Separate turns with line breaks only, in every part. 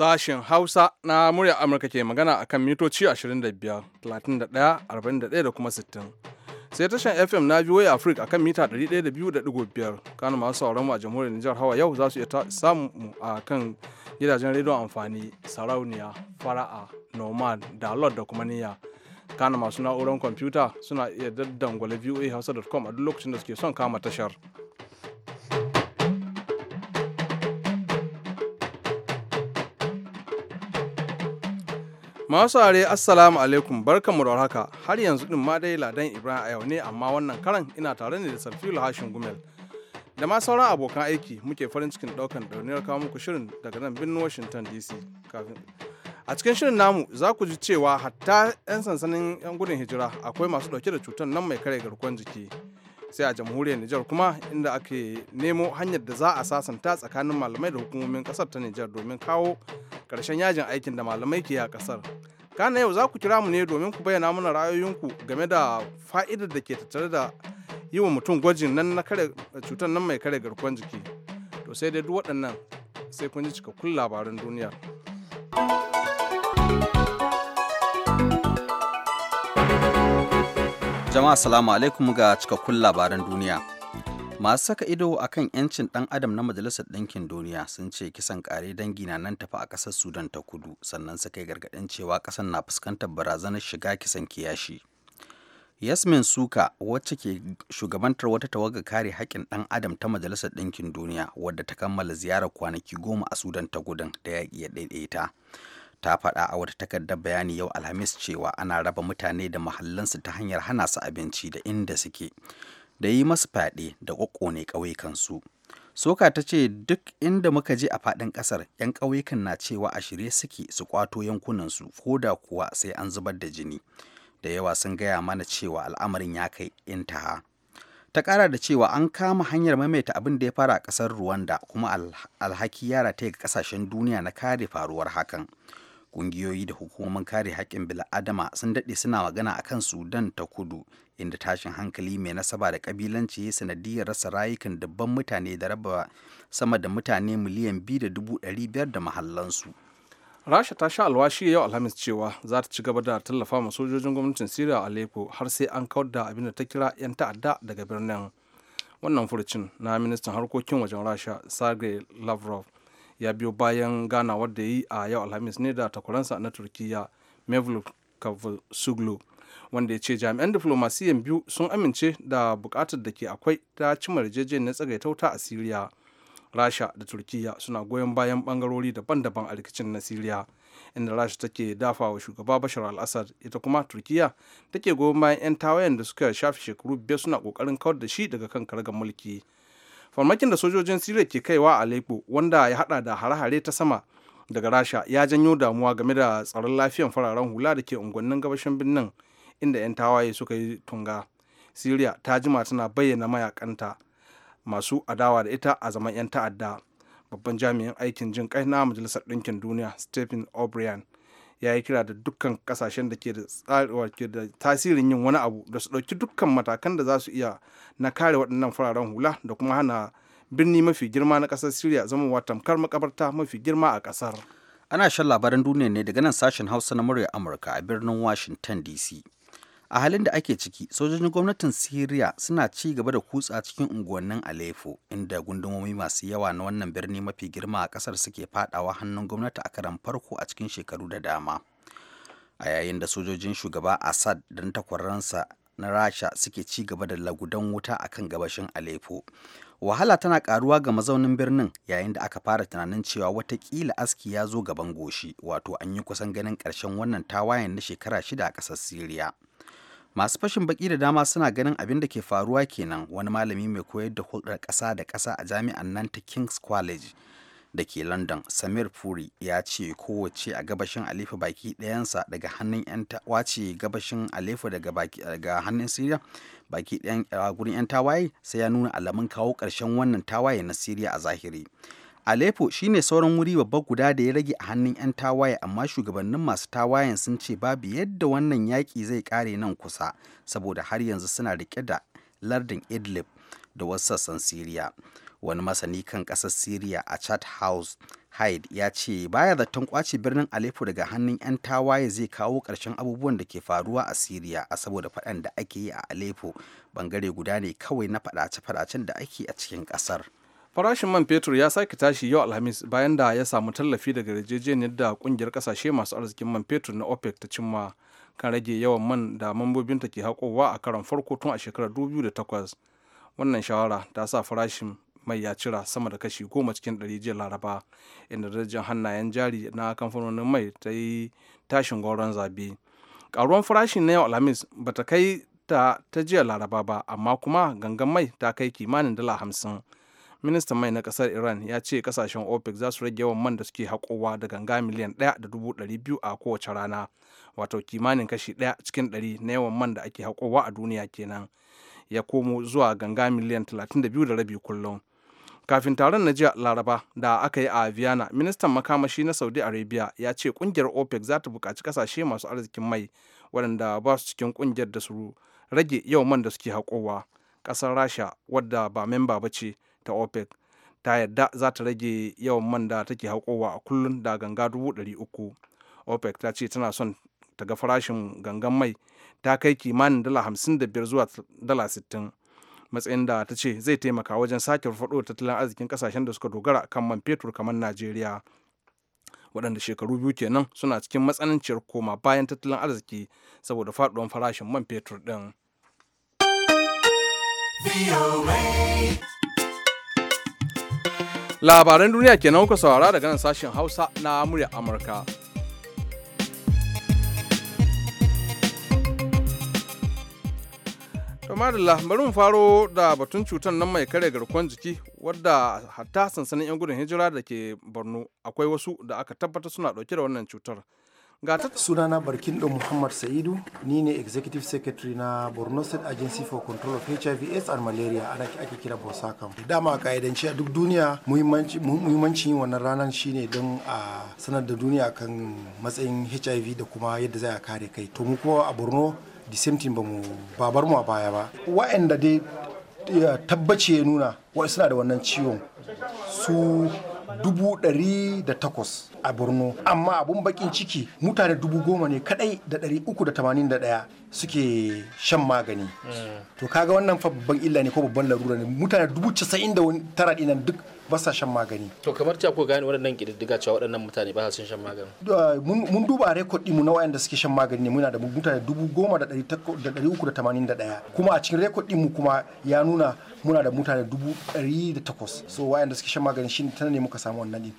Sashen Hausa na murya Amurka ke magana a kan mitoci 25, 31, 41 kuma 60. Sai tashan FM na VOA Africa a kan mita 102.5 kana masu sauran mu a jamhuriyar Nijar Hawa yau za su iya samu a kan gidajen rediyon amfani sarauniya, fara'a, nomad, dalot da kuma niyya. kana masu na'urar kwamfuta suna iya daddangwale voahausa.com a duk lokacin da suke son kama tashar. Masu are assalamu alaikum mu da haka har yanzu din ma dai ladan Ibrahim a yau ne amma wannan karan ina tare ne da Sarfilu hashim Gumel. Da ma sauran abokan aiki muke farin cikin daukan dauniyar kawo muku shirin daga nan birnin Washington DC. A cikin shirin namu za ku ji cewa hatta 'yan sansanin 'yan gudun hijira akwai masu dauke da cutar nan mai kare garkuwar jiki. sai a jamhuriyar Nijar kuma inda ake nemo hanyar da za a sasanta tsakanin malamai da hukumomin kasar ta Nijar domin kawo karshen yajin aikin da malamai ke a kasar kana yau za ku kira mu ne domin ku bayyana mana ra'ayoyinku game da fa'idar da ke tattare da yi wa mutum gwajin nan na kare cutar nan mai kare garkuwar jiki to sai dai duk waɗannan sai kun ji cikakkun labaran duniya
jama'a salamu alaikum ga cikakkun labaran duniya masu saka ido a kan 'yancin ɗan adam na majalisar ɗinkin duniya sun ce kisan ƙare dangi na nan tafi a ƙasar sudan ta kudu sannan su kai gargaɗin cewa ƙasar na fuskantar barazanar shiga kisan kiyashi yasmin suka wacce ke shugabantar wata tawaga kare haƙƙin ɗan adam ta majalisar ɗinkin duniya wadda ta kammala ziyarar kwanaki goma a sudan ta gudun da yaƙi ya ɗaiɗaita ta faɗa a wata takardar bayani yau alhamis cewa ana raba mutane da mahallansu ta hanyar hana su abinci da inda suke da yi masu fyaɗe da ƙwaƙƙone ƙauyukansu. Soka ta ce duk inda muka je a faɗin ƙasar 'yan ƙauyukan na cewa a shirye suke su ƙwato yankunansu ko da kuwa sai an zubar da jini. Da yawa sun gaya mana cewa al'amarin ya kai intaha. Ta ƙara da cewa an kama hanyar maimaita abin da ya fara a ƙasar Rwanda kuma alhaki yara ta ga ƙasashen duniya na kare faruwar hakan. ƙungiyoyi da hukumomin kare haƙƙin bil'adama sun daɗe suna magana a kan sudan ta kudu inda tashin hankali mai nasaba da kabilanci ya sanadiyar rasa rayukan dubban mutane da raba sama da mutane miliyan biyu da dubu
ɗari biyar da mahallansu. rasha ta sha alwashi yau alhamis cewa za ta ci gaba da tallafa ma sojojin gwamnatin syria a aleppo har sai an kawar da abin da ta kira 'yan ta'adda daga birnin wannan furucin na ministan harkokin wajen rasha sergei lavrov ya biyo bayan ganawar da yi a yau alhamis ne da takwaransa na turkiya mevlut cavusoglu wanda ya ce jami'an diflomasiyan biyu sun amince da bukatar da ke akwai ta cimma yarjejeniyar na wuta a siriya rasha da turkiya suna goyon bayan bangarori daban-daban a rikicin na siriya inda rasha take dafawa wa shugaba bashar al-assad ita kuma turkiya take goyon bayan 'yan tawayen da suka shafe shekaru biyar suna kokarin kawar da shi daga kan karagar mulki farmakin da sojojin siriya ke kaiwa a aleppo wanda ya hada da hare-hare ta sama daga rasha ya janyo damuwa game da tsaron lafiyan fararen hula da ke unguwannin gabashin birnin inda 'yan tawaye suka yi tunga syria ta jima tana bayyana mayakanta masu adawa da ita a zaman 'yan ta'adda babban jami'in aikin jin kai na majalisar ɗinkin duniya stephen o'brien ya yi kira da dukkan kasashen da ke da tasirin yin wani abu da su ɗauki dukkan matakan da za su iya na kare waɗannan fararen hula da kuma hana birni mafi girma na ƙasar syria zama tamkar makabarta mafi girma a ƙasar
ana shan labaran duniya ne daga nan sashen hausa na murya amurka a birnin washington dc a halin da ake ciki sojojin gwamnatin syria suna ci gaba da kutsa cikin unguwannin aleppo inda gundumomi masu yawa na wannan birni mafi girma a kasar suke fadawa hannun gwamnati a karan farko a cikin shekaru da dama a yayin da sojojin shugaba assad don takwarransa na rasha suke ci gaba da lagudan wuta a kan gabashin aleppo wahala tana karuwa ga mazaunin birnin yayin da aka fara tunanin cewa watakila aski ya zo gaban goshi wato an yi kusan ganin karshen wannan tawayen na shekara shida a kasar syria masu fashin baki da dama suna ganin abin da ke faruwa kenan wani malami mai koyar da hulɗar ƙasa da ƙasa a jami'an nan ta king's college da ke london samir puri ya ce kowace a gabashin alifu baki ɗayansa daga hannun yan gabashin alifu hannun siriya baki ɗayan gurin yan tawaye sai ya nuna alamun kawo ƙarshen wannan tawaye na siriya a zahiri alepo shine sauran wuri babba guda da ya rage a hannun 'yan tawaye amma shugabannin masu tawayen sun ce babu yadda wannan yaƙi zai ƙare nan kusa saboda har yanzu suna rike da lardin Idlib da wasu sassan Siriya. Wani masani kan ƙasar Siriya a Chat House Hyde ya ce baya zaton kwace birnin alepo daga hannun 'yan tawaye zai kawo ƙarshen abubuwan da ke faruwa a Siriya a saboda faɗan da ake yi a alepo bangare guda ne kawai na faɗace-faɗacen da ake a cikin ƙasar.
farashin man fetur ya sake tashi yau alhamis bayan da ya samu tallafi daga yarjejeniyar da kungiyar kasashe masu arzikin man fetur na opec ta cimma kan rage yawan man da mambobinta ke haƙowa a karon farko tun a shekarar 2008 wannan shawara ta sa farashin mai ya cira sama da kashi goma cikin ɗari jiya laraba inda darajar hannayen jari na kamfanonin mai ta yi tashin goron zabe ƙaruwan farashin na yau alhamis ba ta kai ta jiya laraba ba amma kuma gangan mai ta kai kimanin dala hamsin ministan mai na kasar iran ya ce kasashen opec za su rage yawan man da suke haƙowa da ganga miliyan ɗaya da dubu ɗari a kowace rana wato kimanin kashi ɗaya cikin ɗari na yawan man da ake haƙowa a duniya kenan ya komo zuwa ganga miliyan talatin da biyu da rabi kullum kafin taron na jiya laraba da aka yi a viana ministan makamashi na saudi arabia ya ce kungiyar opec za ta buƙaci kasashe masu arzikin mai waɗanda ba su cikin kungiyar da su rage yawan man da suke haƙowa ƙasar rasha wadda ba memba ba ce ta opec ta yadda za ta rage yawan man da take haƙowa a kullum da ganga dubu ɗari uku opec ta ce tana son ta ga farashin gangan mai ta kai kimanin dala hamsin da biyar zuwa dala sittin matsayin da ta ce zai taimaka wajen sake rufaɗo tattalin arzikin kasashen da suka dogara kan man fetur kamar najeriya waɗanda shekaru biyu kenan suna cikin matsananciyar koma bayan tattalin arziki saboda faɗuwar farashin man fetur ɗin. labaran duniya kenan kuka saurara daga nan sashen hausa na murya amurka madalla bari mu faro da batun cutar nan mai kare garkuwar jiki wadda hatta sansanin 'yan gudun hijira da ke borno akwai wasu da aka tabbata suna dauke da wannan cutar
sunana barkindo muhammad sa'idu ni ne executive secretary na borno state agency for control of hiv aids and malaria ana ake kira bosakam dama ka'idanci a duk duniya muhimmancin yin wannan ranar shine don a sanar da duniya kan matsayin hiv da kuma yadda za a kare kai to mu kuma a borno the same thing ba mu babar mu a baya ba wa'anda dai tabbaci ya nuna suna da wannan ciwon su dubu ɗari da takwas a borno amma abun bakin ciki mutane dubu goma ne kadai da dari uku da tamanin da ɗaya suke shan magani mm. to kaga wannan fa babban illa ne ko babban larura ne mutane dubu casa'in da tara ɗinan duk ba sa shan magani to kamar ta ko gane waɗannan kididdiga cewa waɗannan mutane ba sa shan magani mun duba rekod ɗinmu na waɗanda suke shan magani ne muna da mutane dubu goma da ɗari uku da tamanin da ɗaya kuma a cikin rekod ɗinmu kuma ya nuna muna da mutane dubu ɗari da takwas so waɗanda suke shan magani shi ne ta ne muka samu wannan ɗin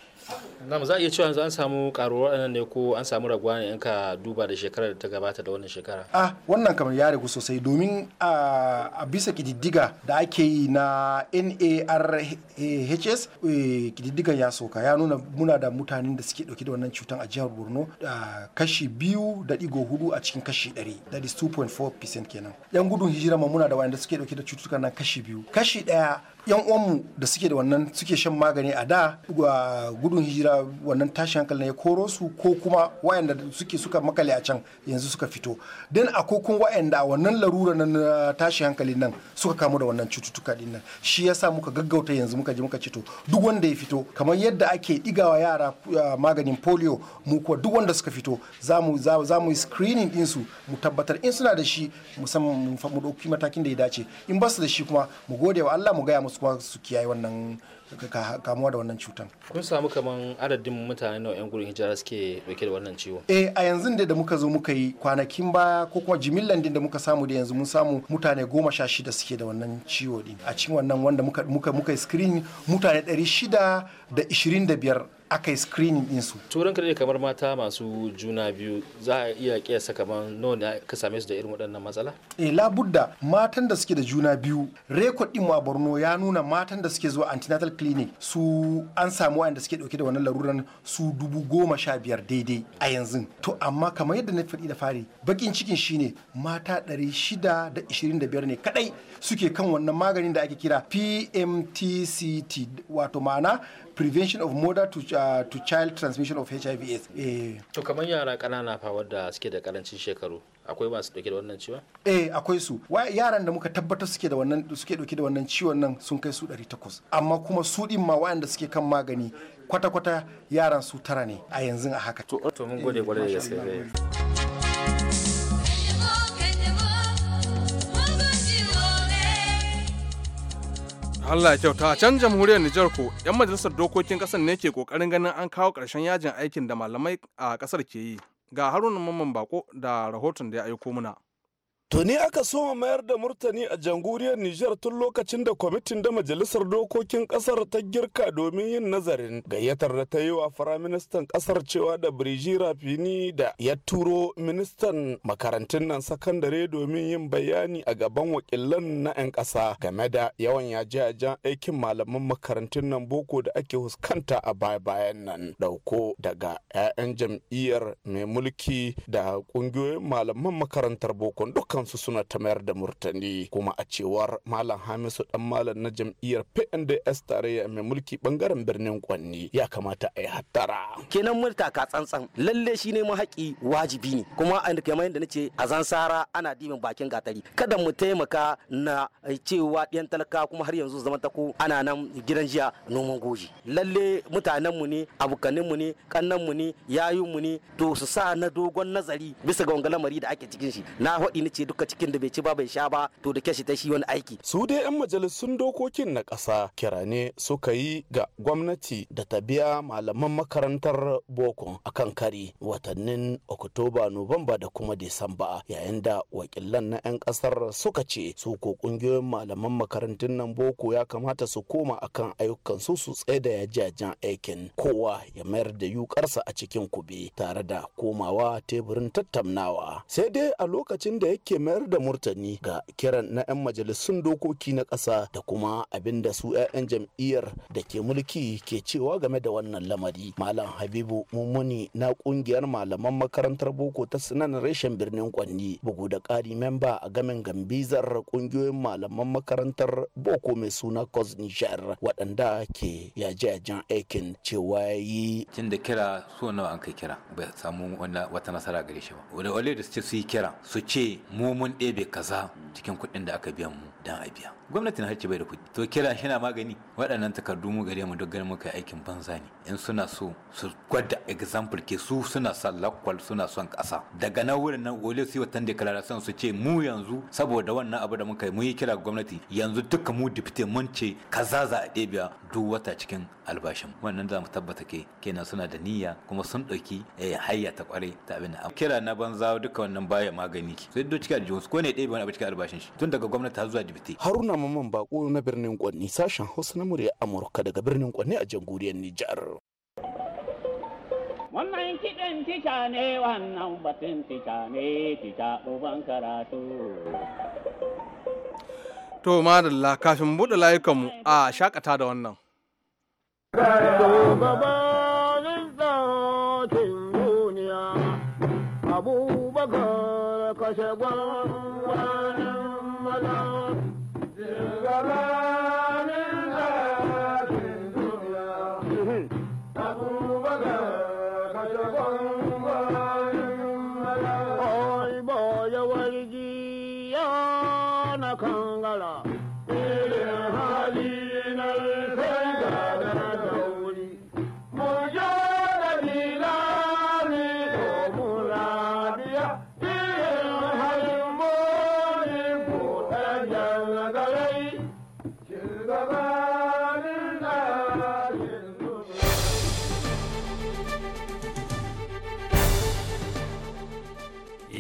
Na'am za a iya cewa yanzu an samu karuwar nan ne ko an samu raguwa ne in ka duba da shekarar da ta gabata da wannan shekara. Ah wannan kamar ya ragu sosai domin ah, a bisa kididdiga da ake yi na NARHS eh, kididdigan ya sauka ya nuna muna da mutanen da suke dauke da wannan cutan a jihar Borno da kashi biyu da digo hudu a cikin kashi ɗari that is 2.4% kenan. Yan gudun hijira ma muna da da suke dauke da cututtukan nan kashi biyu. Kashi ɗaya yan uwanmu da suke da wannan suke shan magani a da ah, gudun hijira da wannan tashin hankali ya koro su ko kuma wayanda suke suka makale a can yanzu suka fito dan akwai kun wayanda a wannan larura na tashin hankali nan suka kamu da wannan cututtuka din nan shi yasa muka gaggauta yanzu muka je muka cito duk wanda ya fito kamar yadda ake digawa yara maganin polio mu kuwa duk wanda suka fito za mu za mu screening din su mu tabbatar in suna da shi musamman mu dauki matakin da ya dace in ba su da shi kuma mu gode wa Allah mu gaya musu kuma su kiyaye wannan kamuwa da wannan cutan kun samu kamar adadin mutane na yan gurin hijira suke dauke da wannan ciwo eh a yanzu da muka zo muka yi kwanakin ba ko kuma jimillan din da muka samu da yanzu mun samu mutane goma sha shida suke da wannan ciwo din a cikin wannan wanda muka muka muka screen mutane ɗari shida da ishirin da biyar aka yi screening su turan kare kamar mata masu juna biyu za a iya kiyasa kamar nawa ne ka same su da irin waɗannan matsala? eh labudda matan da suke da juna biyu din ɗin wa borno ya nuna matan da suke zuwa antenatal clinic su an samu da suke dauke da wannan laruran su dubu goma sha biyar daidai a yanzu to amma kamar yadda na faɗi da fari bakin cikin shine mata ɗari shida da ishirin da biyar ne kaɗai suke kan wannan maganin da ake kira pmtct wato ma'ana prevention of mother to, uh, to child transmission of hiv aids eh. to kamar yara kanana fa wadda suke da karancin shekaru akwai masu dauke da wannan ciwon eh akwai su yaran da muka tabbatar suke da wannan suke dauke da wannan ciwon nan sun kai su 800 amma kuma su din ma wayanda suke kan magani kwata-kwata yaran su tara ne a yanzu a haka to mun gode kwarai da
Allah kyauta a can jamhuriyar Nijar ko 'yan majalisar dokokin ƙasar ne ke ƙoƙarin ganin an kawo ƙarshen yajin aikin da malamai a ƙasar ke yi. Ga Haruna Mamman Bako da rahoton da ya aiko muna.
Tuni aka soma mayar da murtani a janguriyar Nijar tun lokacin da kwamitin da majalisar dokokin kasar ta girka domin yin nazarin gayyatar da ta yi wa firaministan kasar cewa da Birji Rafini da ya turo ministan makarantun nan sakandare domin yin bayani a gaban wakilan na 'yan ƙasa game da yawan yaje-yajen aikin malaman makarantun nan boko da ake huskanta a baya-bayan nan dauko daga 'ya'yan jam'iyyar mai mulki da ƙungiyoyin malaman makarantar boko dukkan kansu suna ta mayar da murtani kuma a cewar malam hamisu dan malam na jam'iyyar pnds tarayya mai mulki bangaren birnin kwanni ya kamata a yi
hattara kenan murta ka tsantsan lalle shi ne mahaƙi wajibi ne kuma a kamar yadda ce a zan sara ana dimin bakin gatari kada mu taimaka na cewa ɗiyan talaka kuma har yanzu zama ta ko ana nan gidan jiya noman goji lalle mutanen mu ne abokanin mu ne kannan mu ne yayin mu ne to su sa na dogon nazari bisa ga lamari da ake cikin shi na faɗi haɗi ce. duka cikin da bai ci ba bai sha ba to da kyashi ta shi wani aiki su dai yan majalisun
dokokin na ƙasa kira ne suka yi ga gwamnati da ta biya malaman makarantar boko akan kari watannin oktoba nuwamba da kuma disamba yayin da wakilan na 'yan ƙasar suka ce su ko ƙungiyoyin malaman makarantun nan boko ya kamata su koma akan ayyukan su su tsaye da yajajen aikin kowa ya mayar da yukarsa a cikin kube tare da komawa teburin tattaunawa sai dai a lokacin da yake ke mayar da murtani ga kiran na 'yan majalisun dokoki na ƙasa da kuma abin da su 'ya'yan jam'iyyar da ke mulki ke cewa game da wannan lamari malam habibu mummuni na ƙungiyar malaman makarantar boko ta sinan reshen birnin kwanni bugu da ƙari memba a gamin gambizar ƙungiyoyin malaman makarantar boko mai suna cos nishar waɗanda ke yaje jan aikin cewa yi tun da kira so nawa an kai kira bai samu wata nasara gare shi ba wale da su ce su yi kira su ce mu mun ɗebe kaza cikin kuɗin da aka biya mu dan a biya gwamnatin hajji bai da kuɗi to kira shi na magani waɗannan takardu mu gare mu duk ganin yi aikin banza ne in suna so su gwada example ke su suna son lakwal suna son ƙasa daga nan wurin nan ole su yi watan declaration su ce mu yanzu saboda wannan abu da muka yi mun yi kira gwamnati yanzu duka mu dipte mun ce kaza za a ɗebiya duk wata cikin albashin wannan za mu tabbata ke kenan suna da niyya kuma sun ɗauki eh, hayya ta kware ta abin kira na banza duka wannan baya magani sai duk cikin aljihunsu ko ne ɗebe wani abu cikin albashin shi tun daga gwamnati har zuwa dipte haruna man Bako na birnin Kwanni sashen Hausa na murya Amurka daga birnin Kwanni a jamhuriyar Nijar.
Wannan kiɗin tica ne wannan batun tica ne tica
ɗuban karatu.
To madalla kafin buɗe layukanmu a shakata da wannan.
duniya, abubakar
kashe gwamnati. Baba.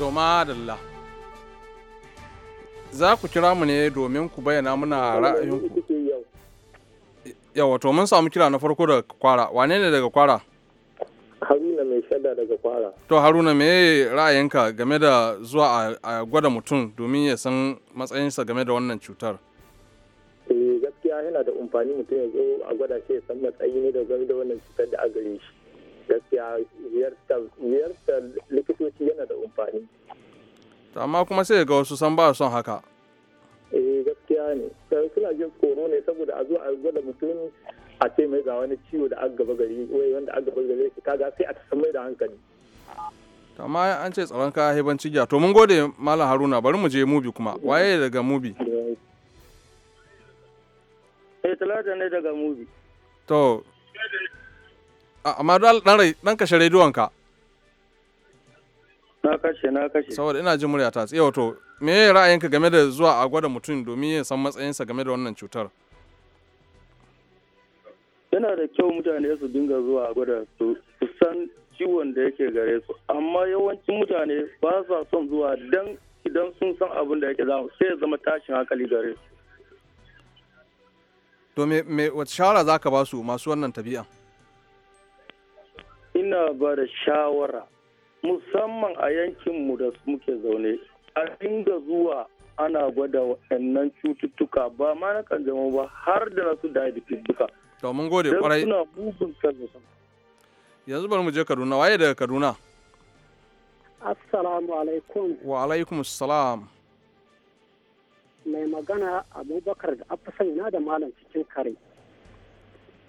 To madalla. Za ku kira mu ne domin ku bayyana muna ra'ayinku. Yawa to mun samu kira na farko daga kwara. Wane ne daga kwara?
Haruna mai shada daga kwara.
To Haruna me ra'ayinka game da zuwa a gwada mutum domin ya san matsayinsa game da wannan cutar?
Eh gaskiya yana da umfani mutum ya zo a gwada shi ya san matsayi ne da game da wannan cutar da a gare shi. gaskiya ziyartar ziyartar likitoci yana da amfani
amma kuma sai ga wasu san ba son haka
eh gaskiya ne sai suna jin tsoro ne saboda a zo a gwada mutum a ce mai ga wani ciwo da aka gaba gari wai wanda aka gaba gari shi kaga sai a ta mai da hankali
amma an ce tsaron kaya heban cigiya to mun gode malam haruna bari mu je mubi kuma waye daga mubi
eh talata ne daga mubi
to amma dan rai dan kashe rediyon ka na kashe na kashe saboda ina jin murya ta tsaye wato me ya ra'ayinka game da zuwa a gwada mutum domin ya san matsayinsa game da wannan cutar
yana da kyau mutane su dinga zuwa a gwada su san ciwon da yake gare su amma yawancin mutane ba sa son zuwa dan idan sun san abin da yake zama sai ya zama tashin hankali gare su
to me wata shawara zaka ka ba su masu wannan tabi'an
ina ba da shawara musamman a yankinmu da muke zaune a dinga zuwa ana gwada waɗannan cututtuka ba ma na zama ba har da
na su diabetes duka. To mun gode kwarai. Suna bugun Yanzu bari mu je Kaduna waye daga Kaduna? Assalamu alaikum. Wa alaikum salam.
Mai magana Abubakar da Afasan yana da malam cikin
kare.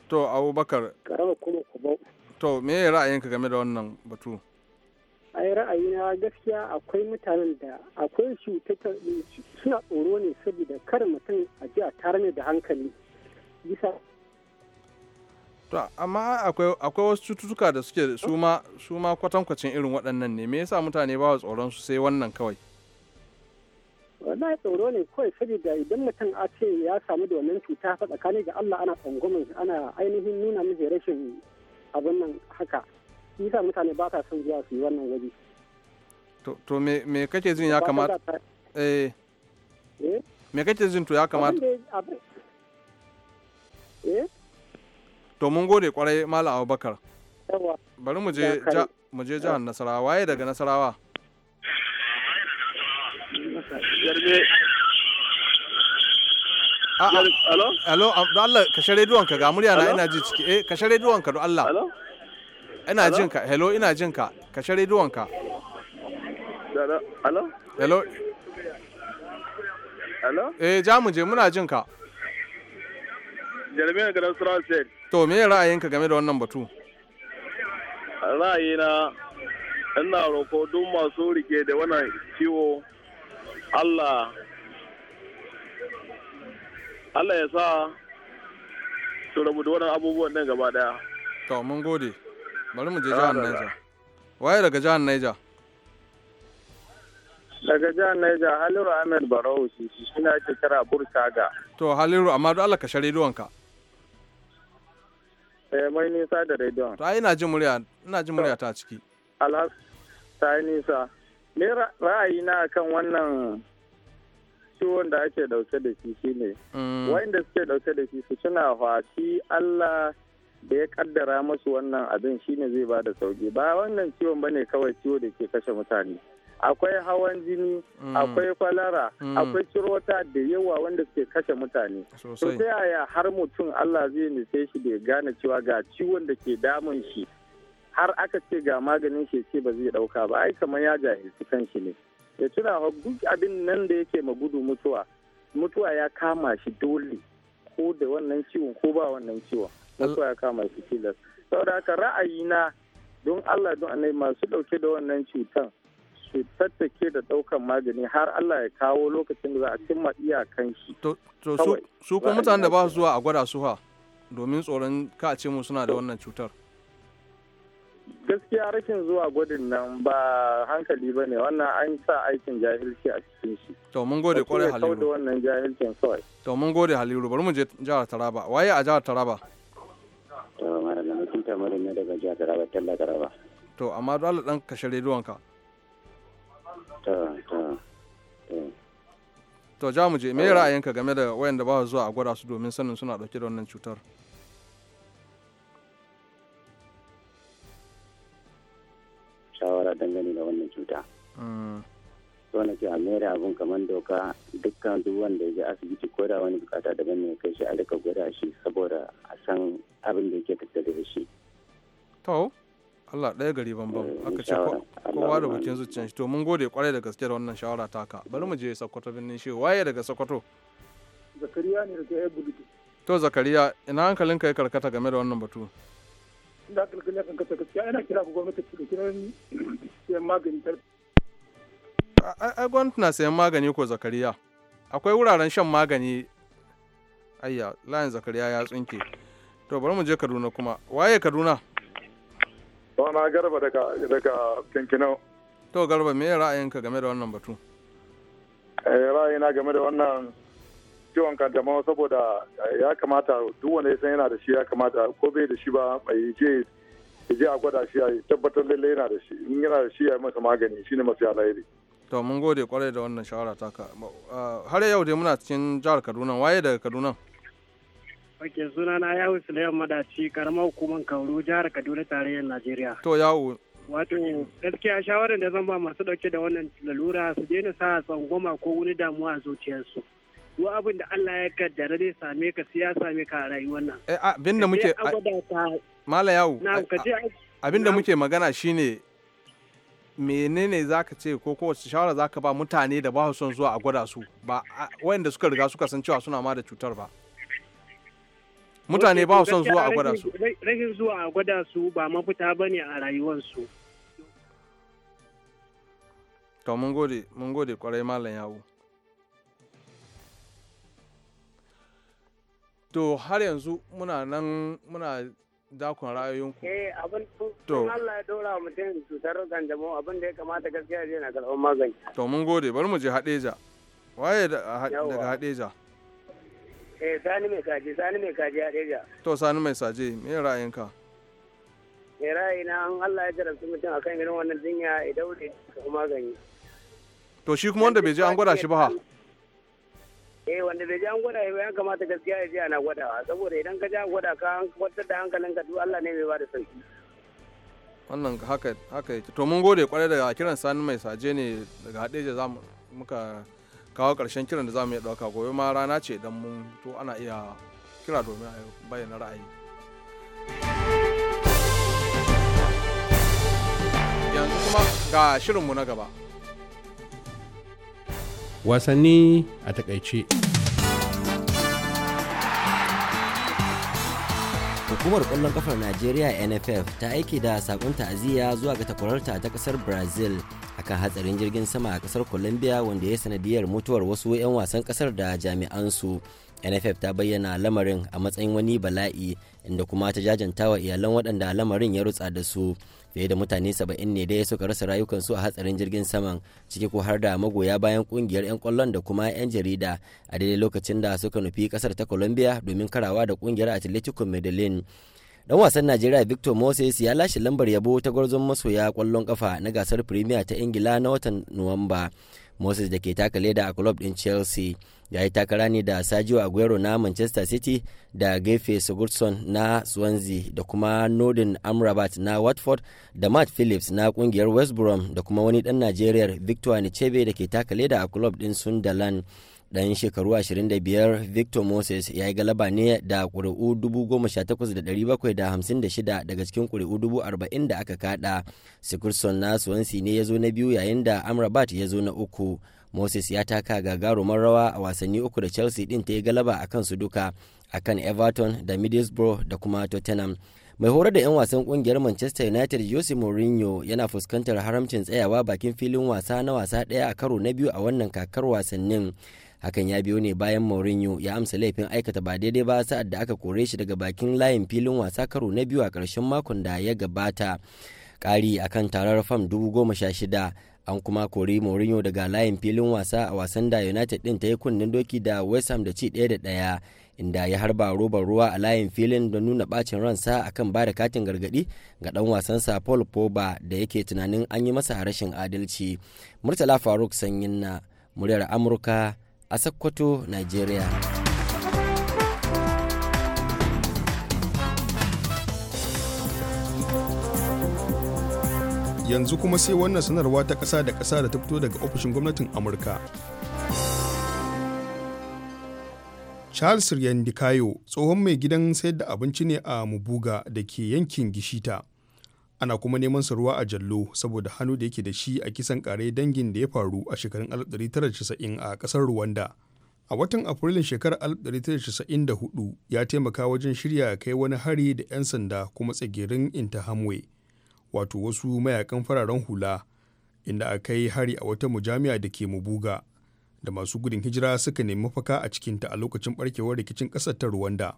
To Abubakar. Karama
kuma kubau.
to me ra'ayinka game da wannan batu
ai ra'ayina gaskiya akwai mutanen da akwai cutar suna tsoro ne saboda kar mutum a ji a tare ne da hankali bisa
to amma akwai wasu cututtuka da suke su ma kwatankwacin irin waɗannan ne me yasa mutane ba tsoron su sai wannan kawai
wallahi tsoro ne kawai saboda idan mutum a ce ya samu da wannan cuta fa tsakani da Allah ana tsangwamin ana ainihin nuna mishi rashin abin nan haka shi yasa mutane ba ka son zuwa su yi wannan waje
to me kake jin ya kamata eh. eh me kake jin to ya kamata eh to mun gode kwarai malam abubakar bari mu je mu je jihar nasarawa waye daga nasarawa
yarbe Alo?
Alo, um, Allah ka share ka ga murya na ina ji ciki. Eh, ka share ka do Allah. Alo? Ina jin ka. Hello, ina jin ka. Ka share ka. Alo? Hello. Alo? Eh, ja mu je muna jin ka.
Jeremiah ga sura sai
To, me ra'ayinka game da wannan batu?
Ra'ayina ina roko duk masu rike da wannan ciwo Allah Allah ya sa su rabu da wannan abubuwan nan gaba daya
to mun gode bari mu je jihar Niger waye daga jihar Niger
daga jihar Niger Haliru Ahmed Barau shi shi na ake kira Burkaga
to Haliru amma don Allah ka share rediyonka
eh mai nisa da rediyon
to ai ina jin murya ina jin murya ta ciki
alhas ta nisa Me ra'ayi na kan wannan ciwon da ake dauke da shi shine
mm. wanda
suke dauke da shi su suna fa Allah da ya kaddara musu wannan abin shine zai ba da sauki ba wannan ciwon bane kawai ciwo da ke kashe mutane akwai hawan jini mm. akwai kwalara mm. akwai cirota da yawa wanda suke kashe mutane to ta yaya har mutum Allah zai nufe shi da gane cewa ga ciwon da ke damun shi har aka ce ga maganin shi ce ba zai dauka ba ai kamar ya jahilci kanshi ne ya tuna duk abin nan da yake ma gudu mutuwa mutuwa ya kama shi dole ko da wannan ciwon ko ba wannan ciwon mutuwa ya kama shi tilas saboda haka ra'ayina don Allah don anai masu dauke da wannan cutan su tattake da daukan magani har Allah ya kawo lokacin da za a cimma iyakan shi
to su kuma mutanen da ba su zuwa a gwada su ha domin tsoron ka ce mu suna da wannan cutar
gaskiya rashin zuwa gudun nan ba hankali ba ne wannan an sa aikin jahilci a
cikin shi to mun gode kwarai haliru da
wannan jahilcin kawai
to mun gode haliru bari mu je jihar taraba waye a jihar taraba
to na mutum ta mara ne daga jihar taraba talla taraba
to amma Allah dan kashe rediyonka to to to ja mu je me ra'ayinka game da wayanda ba zuwa a gwada su domin sanin suna dauke da wannan cutar
so nake a mera abin kamar doka dukkan duk wanda ya je asibiti ko da wani bukata daban ne kai shi a rika gwada shi saboda a san abin da yake tattare da shi
to Allah ɗaya gari bambam eh, aka ce kowa da bakin zuciyan shi to mun gode kwarai da gaske da wannan shawara taka bari mu je Sokoto birnin shi waye daga Sokoto
Zakariya ne daga Ebulutu
to Zakariya ina hankalin ka ya karkata game da wannan batu
da kalkalin ya kasa gaskiya ina kira ga gwamnati ta kira ni magani
ai gwamnati na sayan magani ko zakariya akwai wuraren shan magani ayya layin zakariya ya tsinke to bari mu je kaduna kuma waye kaduna
na garba daga daga kinkinau
to garba me ra'ayinka game da wannan batu
eh, ra'ayina game da wannan ciwon kanjamau saboda eh, ya kamata duk wanda ya san yana da shi ya kamata ko bai da shi ba mai je je a gwada shi a tabbatar lalle yana da shi in yana da shi ya masa magani shine masu alheri
to mun gode kwarai da wannan shawara taka har yau dai muna cikin jihar kaduna waye daga kaduna
Ake suna na yawo suleiman madaci karamar hukumar kauru jihar kaduna tarayyar najeriya to yawo wato gaskiya shawarar da zan ba masu dauke da wannan lalura su daina sa tsangwama ko wani damuwa a zuciyarsu duk abin da Allah ya kaddara zai same ka siya same
ka a rayuwar nan
eh abin da muke mala abin da muke magana shine menene za ka ce ko kowace shawara za ka ba mutane da ba son zuwa a gwada su ba wayanda suka riga suka san cewa suna ma da cutar ba mutane ba son zuwa a gwada su
rashin zuwa a gwada su ba mafita ba ne a
rayuwarsu to mun gode mun gode kwarai malam yawo to har yanzu muna nan muna dakon
ku. Eh abin to Allah ya dora mutum cutar kanjamau abin da ya kamata gaskiya je na karɓar magani.
To mun gode bari mu je Hadeja. Waye daga Hadeja?
Eh Sani mai kaji Sani mai kaji Hadeja.
To Sani mai saje me ra'ayinka?
Me eh, ra'ayina an Allah ya jarabta mutum akan irin wannan jinya ya daure kuma magani.
To shi kuma wanda bai je an gwada shi ba ha?
eh wanda bai ji an gwada ya kamata gaskiya ya ji ana gwadawa saboda idan ka ji an gwada ka kwantar da hankalin ka duk Allah ne mai ba da sauki
wannan haka haka yake to mun gode kwarai da kiran sani mai saje ne daga hadeja za muka kawo karshen kiran da za mu iya dauka gobe ma rana ce idan mun to ana iya kira domin a bayyana ra'ayi yanzu kuma ga shirinmu na gaba wasanni a takaice
hukumar kwallon kafar najeriya nff ta aiki da sakon ta'aziyya zuwa ga takwararta ta kasar brazil akan hatsarin jirgin sama a kasar colombia wanda ya sanadiyar mutuwar wasu 'yan wasan kasar da jami'ansu, nff ta bayyana lamarin a matsayin wani bala'i inda kuma ta jajanta wa iyalan waɗanda lamarin ya rutsa da su fiye da mutane saba'in ne dai suka rasa rayukansu a hatsarin jirgin saman ciki ko har da magoya bayan kungiyar 'yan kwallon da kuma 'yan jarida a daidai lokacin da suka nufi kasar ta colombia domin karawa da kungiyar atletico medellin Dan wasan Najeriya Victor Moses ya lashe lambar yabo ta gwarzon masoya kwallon kafa na gasar Premier ta Ingila na watan Nuwamba. Moses da ke taka leda a club din Chelsea ya yi takara ne da Sergio Aguero na Manchester City da Gefe Sigurdsson na Swansea da kuma Nordin Amrabat na Watford da Matt Phillips na kungiyar West Brom da kuma wani dan Najeriya Victor Nichebe da ke taka leda a club din Sunderland. dan shekaru 25 victor moses ya yi galaba ne da ƙuri'u 18,756 daga cikin ƙuri'u 40,000 da aka kada Sikirson na swansea ne ya zo na biyu yayin da amrabat ya zo na uku moses ya taka gagarumar rawa a wasanni uku da chelsea din ta yi galaba a kansu duka akan everton da middlesbrough da kuma tottenham mai horar da 'yan wasan kungiyar manchester united jose mourinho yana fuskantar haramcin tsayawa bakin filin wasa na wasa daya a karo na biyu a wannan kakar wasannin hakan ya biyo ne bayan Mourinho ya amsa laifin aikata ba daidai ba sa'ad da aka kore shi daga bakin layin filin wasa karo na biyu a ƙarshen makon da ya gabata ƙari akan tarar fam dubu goma sha shida an kuma kori Mourinho daga layin filin wasa a wasan da United din ta yi kunnen doki da West Ham da ci ɗaya da ɗaya inda ya harba robar ruwa a layin filin don nuna bacin ransa akan ba da katin gargadi ga dan wasansa Paul Pogba da yake tunanin an yi masa rashin adalci. Murtala Faruk Sanyin na muryar Amurka a Sokoto, Najeriya.
Yanzu kuma sai wannan sanarwa ta ƙasa da ƙasa da ta fito daga ofishin gwamnatin Amurka. Charles Ryan tsohon mai gidan sayar da abinci ne a Mubuga da ke yankin Gishita. ana kuma neman sa ruwa a jallo saboda hannu da yake da shi a kisan kare dangin da ya faru a shekarun 1990 a kasar Rwanda. A watan Afrilun shekarar 1994 ya taimaka wajen shirya kai wani hari da 'yan sanda kuma tsagirin Intahamwe, wato wasu mayakan fararen hula, inda a kai hari a wata mujami'a da ke Mubuga, da masu gudun hijira suka nemi mafaka a cikinta a lokacin barkewar rikicin ƙasar ta Rwanda.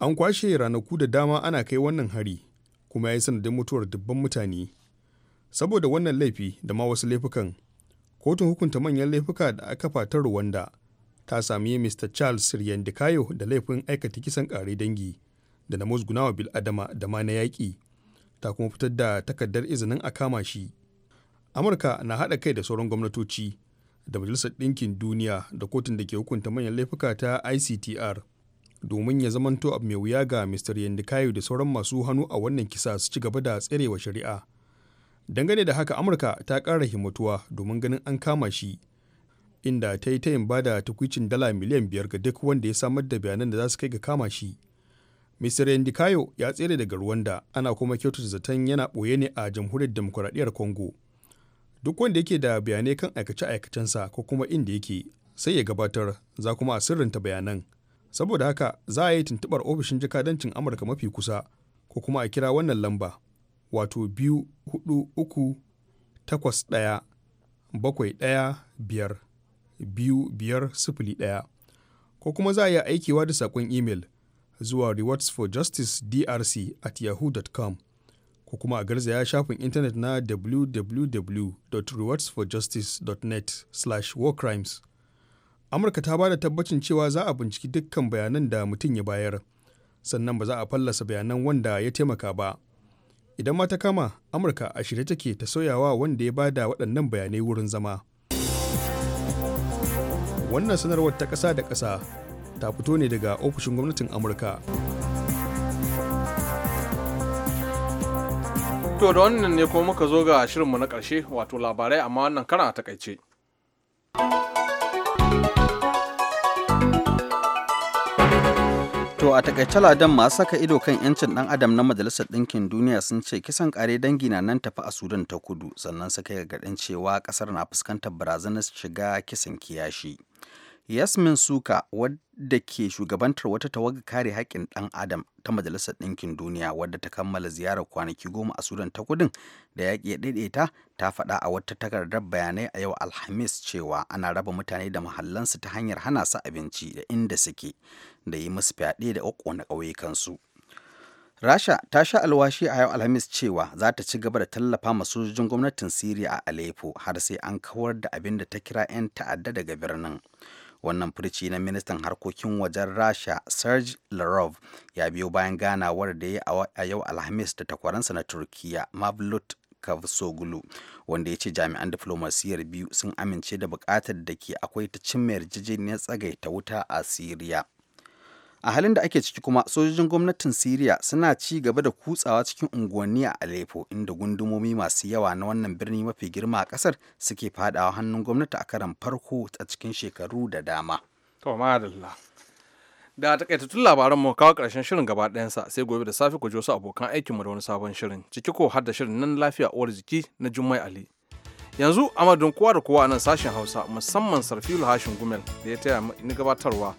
An kwashe ranaku da dama ana kai wannan hari kuma ya yi sanadin mutuwar dubban mutane saboda wannan laifi da ma wasu laifukan kotun hukunta manyan laifuka da aka fatar rwanda ta sami mr charles siryandikayo da laifin aikata kisan kare dangi da na musgunawa bil'adama da ma na yaƙi ta kuma fitar da takardar izinin a kama shi amurka na haɗa kai da sauran gwamnatoci da majalisar ɗinkin duniya da kotun da ke hukunta manyan laifuka ta ictr domin ya zamanto abu mai wuya ga mr yandikayo da sauran masu hannu a wannan kisa su ci gaba da tserewa shari'a dangane da haka amurka ta kara himmatuwa domin ganin an kama shi inda ta yi tayin bada tukwicin dala miliyan biyar ga duk wanda ya samar da bayanan da za su kai ga kama shi mr yandikayo ya tsere daga rwanda ana kuma kyautata zaton yana ɓoye ne a jamhuriyar demokuraɗiyyar congo duk wanda yake da bayanai kan aikace-aikacensa ko kuma inda yake sai ya gabatar za kuma a sirrinta bayanan saboda haka za a yi tuntubar ofishin jakadancin amurka mafi kusa ko kuma a kira wannan lamba wato biyu hudu uku takwas ɗaya bakwai ɗaya biyar biyu biyar sifili ɗaya ko kuma za a yi aikewa da saƙon imel zuwa rewards for justice drc at yahoo.com ko kuma a garzaya shafin intanet na www.rewardsforjustice.net slash warcrimes amurka ta bada tabbacin cewa za a binciki dukkan bayanan da mutum ya bayar sannan ba za a fallasa bayanan wanda ya taimaka ba idan ma ta kama amurka a shirye take ta sauyawa wanda ya bada waɗannan bayanai wurin zama wannan sanarwar ta ƙasa da ƙasa ta fito ne daga ofishin gwamnatin
amurka to da wannan ne kuma muka zo ga shirinmu na ƙarshe wato labarai amma wannan kana a takaice.
To a takaice ladan masu saka ido kan 'yancin ɗan adam na Majalisar Ɗinkin Duniya sun ce kisan kare dangi na nan tafi a Sudan ta kudu sannan suka yi gargaɗin cewa ƙasar na fuskantar barazanar shiga kisan kiyashi. yasmin suka wadda ke shugabantar wata tawaga kare haƙƙin ɗan adam ta majalisar ɗinkin duniya wadda ta kammala ziyarar kwanaki goma a sudan ta kudin da yaƙi ya ɗaiɗaita ta faɗa a wata takardar bayanai a yau alhamis cewa ana raba mutane da mahallansu ta hanyar hana su abinci da inda suke da yi musu fyaɗe da ƙauye ƙauyukansu Rasha ta sha alwashi a yau Alhamis cewa za ta ci gaba da tallafa ma sojojin gwamnatin Siriya a Aleppo har sai an kawar da abin da ta kira 'yan ta'adda daga birnin. wannan furci na ministan harkokin wajen rasha serge larov ya biyo bayan ganawar da ya a yau alhamis da takwaransa na turkiya mavlut kavsoglu wanda ya ce jami'an diflomasiyyar biyu sun amince da bukatar da ke akwai ta cimma yarjejeniyar tsagaita wuta a Siriya. a halin da ake ciki kuma sojojin gwamnatin siriya suna ci gaba da kutsawa cikin unguwanni a aleppo inda gundumomi masu yawa na wannan birni mafi girma a kasar suke fadawa hannun gwamnati a karan
farko a cikin shekaru da dama to madalla da takaitattun labaran mu kawo karshen shirin gaba ɗayansa sai gobe da safe ku ji abokan abokan aikinmu da wani sabon shirin ciki ko har da shirin nan lafiya uwar jiki na jummai ali yanzu amadun kowa da kowa a nan sashen hausa musamman sarfilu hashin gumel da ya taya ni gabatarwa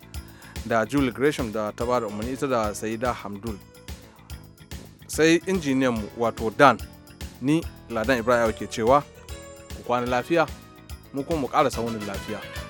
da julie gresham da ta bada umarni ita da saida hamdul sai injiniyan mu wato dan ni ladan ibrahim ke cewa ku kwana lafiya mu kuma mu ƙara saunin lafiya